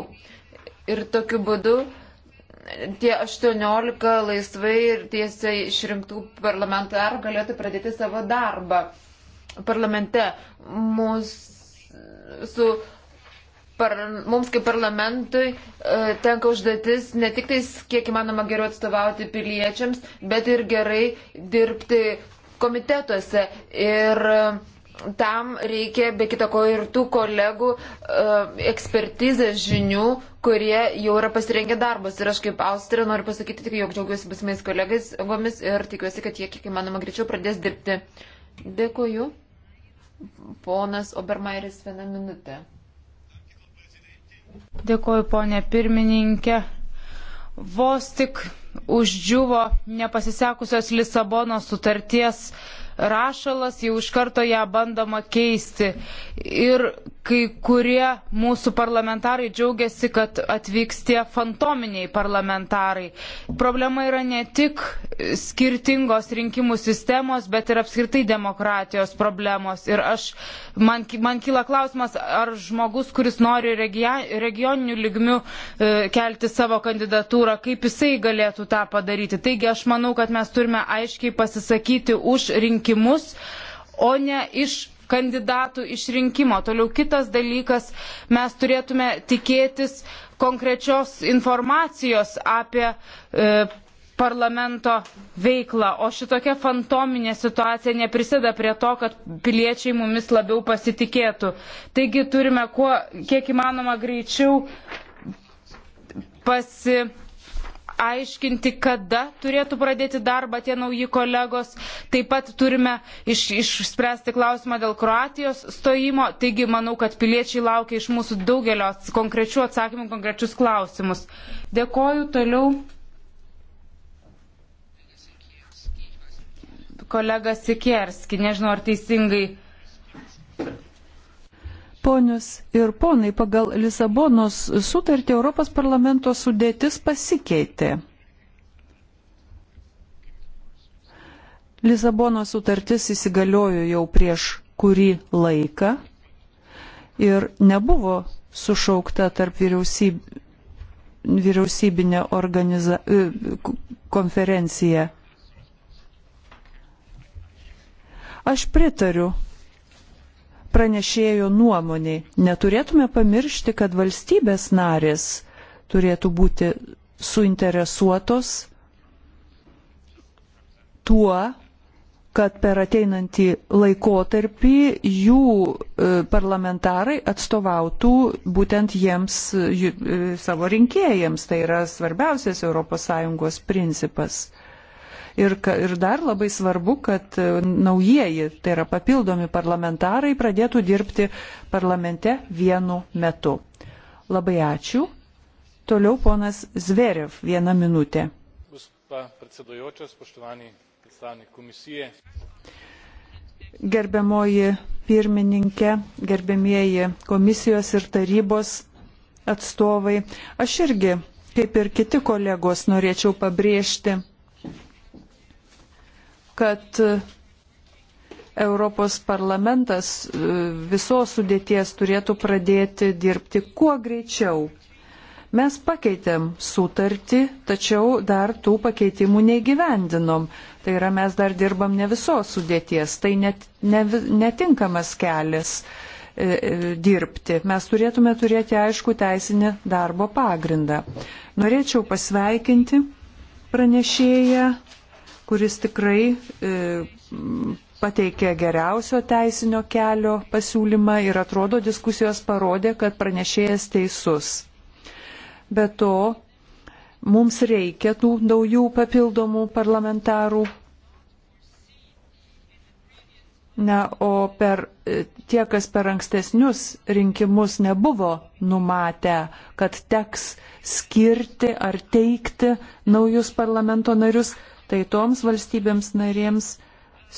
Ir tokiu būdu tie 18 laisvai ir tiesiai išrinktų parlamentarų galėtų pradėti savo darbą parlamente. Mūsų par, mums kaip parlamentui e, tenka užduotis ne tik tais kiek įmanoma geriau atstovauti piliečiams, bet ir gerai dirbti komitetuose. Ir e, tam reikia be kita ko ir tų kolegų e, ekspertizės žinių, kurie jau yra pasirengę darbus. Ir aš kaip Austrija noriu pasakyti tik, jog džiaugiuosi būsimais kolegais ir tikiuosi, kad jie kiek įmanoma greičiau pradės dirbti. Dėkuoju. Ponas Obermairis, vieną minutę. Dėkuoju, ponė pirmininkė. Vos tik uždžiuvo nepasisekusios Lisabono sutarties rašalas, jau iš karto ją bandoma keisti. Ir kai kurie mūsų parlamentarai džiaugiasi, kad atvyks tie fantominiai parlamentarai. Problema yra ne tik skirtingos rinkimų sistemos, bet ir apskritai demokratijos problemos. Ir aš, man, man kyla klausimas, ar žmogus, kuris nori regioninių lygmių e, kelti savo kandidatūrą, kaip jisai galėtų tą padaryti. Taigi aš manau, kad mes turime aiškiai pasisakyti už rinkimų rinkimus, o ne iš kandidatų išrinkimo. Toliau kitas dalykas, mes turėtume tikėtis konkrečios informacijos apie e, parlamento veiklą, o šitokia fantominė situacija neprisida prie to, kad piliečiai mumis labiau pasitikėtų. Taigi turime kuo, kiek įmanoma greičiau pasi aiškinti, kada turėtų pradėti darbą tie nauji kolegos. Taip pat turime iš, išspręsti klausimą dėl Kroatijos stojimo. Taigi manau, kad piliečiai laukia iš mūsų daugelio konkrečių atsakymų, konkrečius klausimus. Dėkoju toliau. Kolega Sikerski, nežinau ar teisingai Ponius ir ponai, pagal Lisabonos sutartį Europos parlamento sudėtis pasikeitė. Lisabonos sutartis įsigaliojo jau prieš kurį laiką ir nebuvo sušaukta tarp vyriausyb... vyriausybinė organiza... E, konferencija. Aš pritariu pranešėjo nuomonė. Neturėtume pamiršti, kad valstybės narės turėtų būti suinteresuotos tuo, kad per ateinantį laikotarpį jų e, parlamentarai atstovautų būtent jiems e, savo rinkėjams. Tai yra svarbiausias ES principas. Ir, ir dar labai svarbu, kad e, naujieji, tai yra papildomi parlamentarai, pradėtų dirbti parlamente vienu metu. Labai ačiū. Toliau ponas Zverev, viena minutė. Gerbiamoji pirmininkė, gerbėmieji komisijos ir tarybos atstovai, aš irgi, kaip ir kiti kolegos, norėčiau pabrėžti, kad Europos parlamentas e, visos sudėties turėtų pradėti dirbti kuo greičiau. Mes pakeitėm sutartį, tačiau dar tų pakeitimų neįgyvendinom. Tai yra mes dar dirbam ne visos sudėties, tai net, ne, netinkamas kelias e, e dirbti. Mes turėtume turėti aišku teisinį darbo pagrindą. Norėčiau pasveikinti pranešėją kuris tikrai e, pateikė geriausio teisinio kelio pasiūlymą ir atrodo diskusijos parodė, kad pranešėjas teisus. Be to, mums reikia tų naujų papildomų parlamentarų. Na, o per e, tie, kas per ankstesnius rinkimus nebuvo numatę, kad teks skirti ar teikti naujus parlamento narius, tai toms valstybėms narėms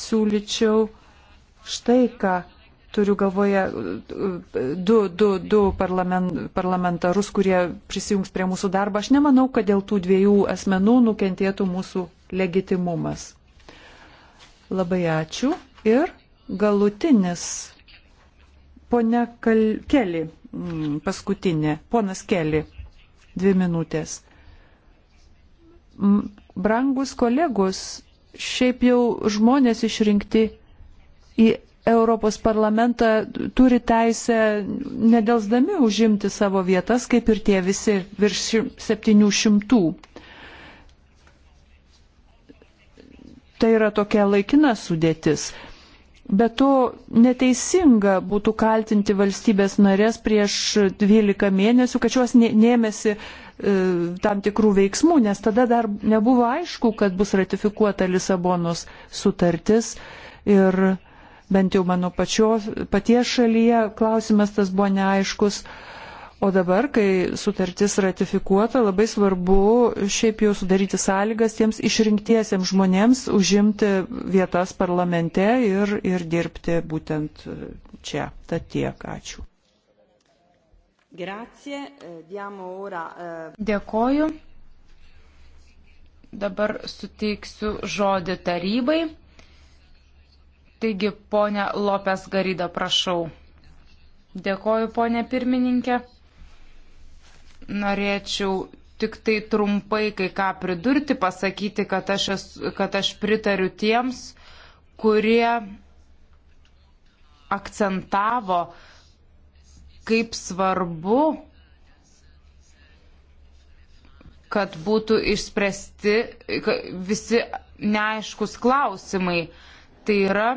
siūlyčiau štai ką. Turiu galvoje e, du, du, du parlament, parlamentarus, kurie prisijungs prie mūsų darbą. Aš nemanau, kad dėl tų dviejų asmenų nukentėtų mūsų legitimumas. Labai ačiū. Ir galutinis ponia Kal... Keli, mm, paskutinė, ponas Keli, dvi minutės brangus kolegos, šiaip jau žmonės išrinkti į Europos parlamentą turi teisę nedelsdami užimti savo vietas, kaip ir tie visi virš 700. Tai yra tokia laikina sudėtis. Be to neteisinga būtų kaltinti valstybės narės prieš 12 mėnesių, kad šios nėmėsi E, tam tikrų veiksmų, nes tada dar nebuvo aišku, kad bus ratifikuota Lisabonos sutartis ir bent jau mano pačio, paties šalyje klausimas tas buvo neaiškus. O dabar, kai sutartis ratifikuota, labai svarbu šiaip jau sudaryti sąlygas tiems išrinktiesiems žmonėms užimti vietas parlamente ir, ir dirbti būtent čia. Tad tiek, ačiū. Eh, eh, Dėkoju. Dabar suteiksiu žodį tarybai. Taigi, ponia Lopes Garida, prašau. Dėkoju, ponia pirmininkė. Norėčiau tik tai trumpai kai ką pridurti, pasakyti, kad aš, esu, kad aš pritariu tiems, kurie akcentavo, kaip svarbu, kad būtų išspręsti visi neaiškus klausimai. Tai yra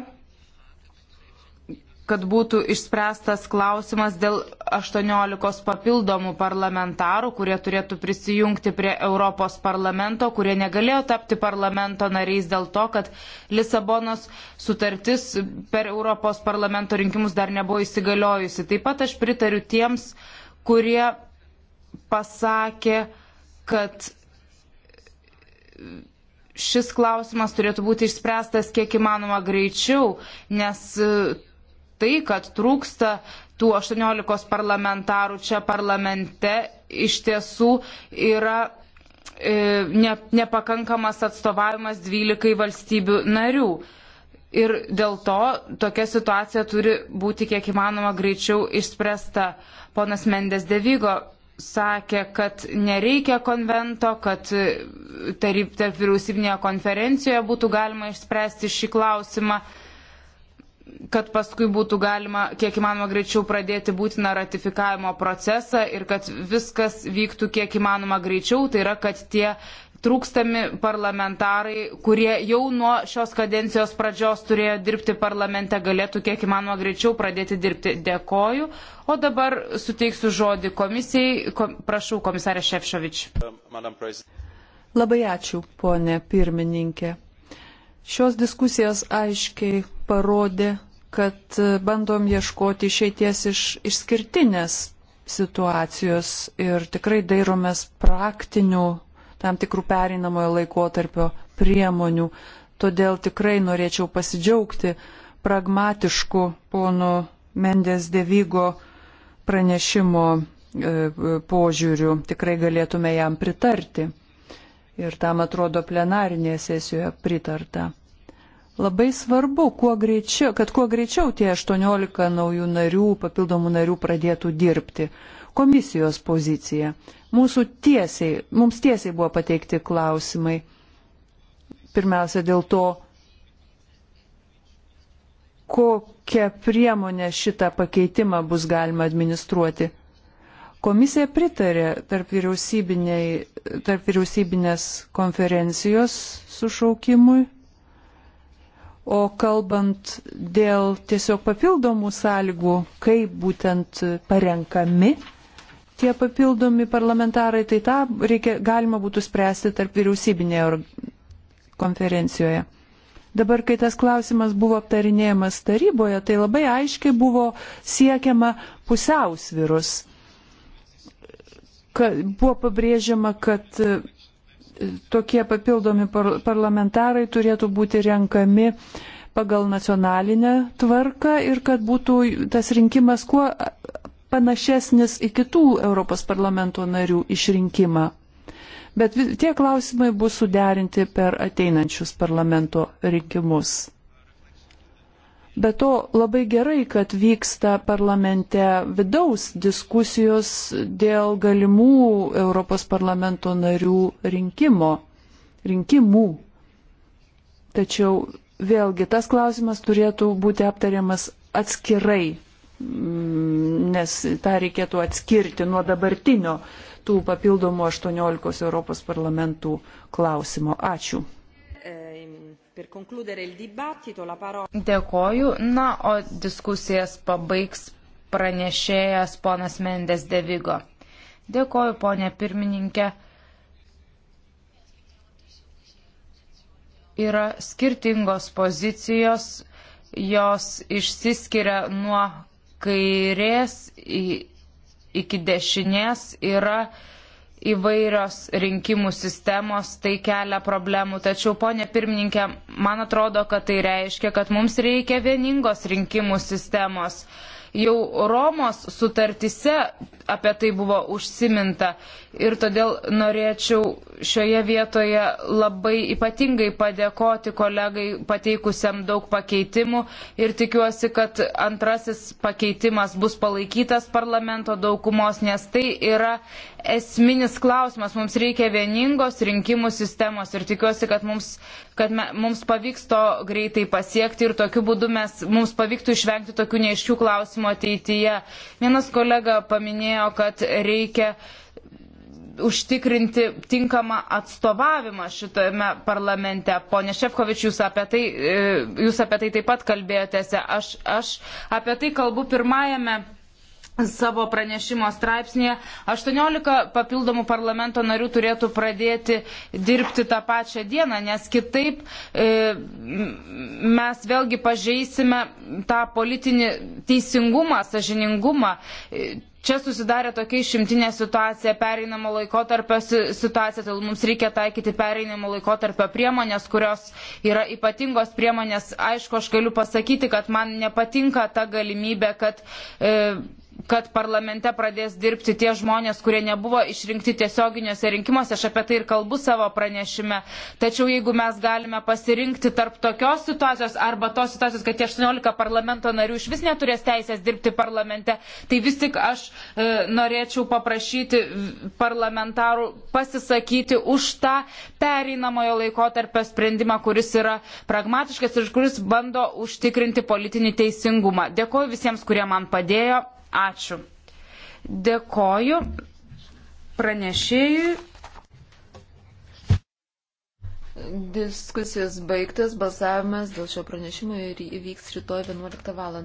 kad būtų išspręstas klausimas dėl 18 papildomų parlamentarų, kurie turėtų prisijungti prie Europos parlamento, kurie negalėjo tapti parlamento nariais dėl to, kad Lisabonos sutartis per Europos parlamento rinkimus dar nebuvo įsigaliojusi. Taip pat aš pritariu tiems, kurie pasakė, kad šis klausimas turėtų būti išspręstas kiek įmanoma greičiau, nes tai, kad trūksta tų 18 parlamentarų čia parlamente, iš tiesų yra e, ne, nepakankamas atstovavimas 12 valstybių narių. Ir dėl to tokia situacija turi būti kiek įmanoma greičiau išspręsta. Ponas Mendes Devygo sakė, kad nereikia konvento, kad tarp vyriausybinėje konferencijoje būtų galima išspręsti šį klausimą kad paskui būtų galima kiek įmanoma greičiau pradėti būtiną ratifikavimo procesą ir kad viskas vyktų kiek įmanoma greičiau, tai yra, kad tie trūkstami parlamentarai, kurie jau nuo šios kadencijos pradžios turėjo dirbti parlamente, galėtų kiek įmanoma greičiau pradėti dirbti. Dėkoju. O dabar suteiksiu žodį komisijai. Kom, prašau, komisarė Šefšovič. Labai ačiū, ponė pirmininkė. Šios diskusijos aiškiai parodė, kad bandom ieškoti išeities iš išskirtinės situacijos ir tikrai dairomės praktinių tam tikrų pereinamojo laikotarpio priemonių. Todėl tikrai norėčiau pasidžiaugti pragmatišku pono Mendės Devygo pranešimo e, požiūriu. Tikrai galėtume jam pritarti. Ir tam atrodo plenarinėje sesijoje pritarta. Labai svarbu, kuo greičiau, kad kuo greičiau tie 18 naujų narių, papildomų narių pradėtų dirbti. Komisijos pozicija. Mūsų tiesiai, mums tiesiai buvo pateikti klausimai. Pirmiausia, dėl to, kokią priemonę šitą pakeitimą bus galima administruoti. Komisija pritarė tarp, tarp vyriausybinės konferencijos sušaukimui O kalbant dėl tiesiog papildomų sąlygų, kaip būtent parenkami tie papildomi parlamentarai, tai tą reikia, galima būtų spręsti tarp vyriausybinėje konferencijoje. Dabar, kai tas klausimas buvo aptarinėjamas taryboje, tai labai aiškiai buvo siekiama pusiausvirus. Ka, buvo pabrėžiama, kad tokie papildomi par parlamentarai turėtų būti renkami pagal nacionalinę tvarką ir kad būtų tas rinkimas kuo panašesnis į kitų Europos parlamento narių išrinkimą. Bet tie klausimai bus suderinti per ateinančius parlamento rinkimus. Be to labai gerai, kad vyksta parlamente vidaus diskusijos dėl galimų Europos parlamento narių rinkimo, rinkimų. Tačiau vėlgi tas klausimas turėtų būti aptariamas atskirai, mm, nes tą reikėtų atskirti nuo dabartinio tų papildomų 18 Europos parlamentų klausimo. Ačiū. Dėkoju. Na, o diskusijas pabaigs pranešėjas ponas Mendes Devigo. Dėkoju, ponė pirmininkė. Yra skirtingos pozicijos, jos išsiskiria nuo kairės iki dešinės, yra įvairios rinkimų sistemos, tai kelia problemų. Tačiau, ponė pirmininkė, man atrodo, kad tai reiškia, kad mums reikia vieningos rinkimų sistemos. Jau Romos sutartise apie tai buvo užsiminta ir todėl norėčiau šioje vietoje labai ypatingai padėkoti kolegai pateikusiam daug pakeitimų ir tikiuosi, kad antrasis pakeitimas bus palaikytas parlamento daugumos, nes tai yra esminis klausimas. Mums reikia vieningos rinkimų sistemos ir tikiuosi, kad mums, kad me, mums pavyks to greitai pasiekti ir tokiu būdu mes, mums pavyktų išvengti tokių neiškių klausimų ateityje. Vienas kolega paminėjo, kad reikia užtikrinti tinkamą atstovavimą šitame parlamente. Pone Šefkovič, jūs apie tai, e, jūs apie tai taip pat kalbėjotėse. Aš, aš apie tai kalbu pirmajame savo pranešimo straipsnėje. 18 papildomų parlamento narių turėtų pradėti dirbti tą pačią dieną, nes kitaip e, mes vėlgi pažeisime tą politinį teisingumą, sažiningumą. E, čia susidarė tokia išimtinė situacija, pereinamo laikotarpio situacija, todėl tai mums reikia taikyti pereinamo laikotarpio priemonės, kurios yra ypatingos priemonės. Aišku, aš galiu pasakyti, kad man nepatinka ta galimybė, kad e, kad parlamente pradės dirbti tie žmonės, kurie nebuvo išrinkti tiesioginiuose rinkimuose, aš apie tai ir kalbu savo pranešime. Tačiau jeigu mes galime pasirinkti tarp tokios situacijos arba tos situacijos, kad tie 18 parlamento narių iš vis neturės teisės dirbti parlamente, tai vis tik aš e, norėčiau paprašyti parlamentarų pasisakyti už tą pereinamojo laikotarpio sprendimą, kuris yra pragmatiškas ir kuris bando užtikrinti politinį teisingumą. Dėkuoju visiems, kurie man padėjo. Ačiū. Dėkoju pranešėjui. Diskusijos baigtas, balsavimas dėl šio pranešimo įvyks rytoj 11 val.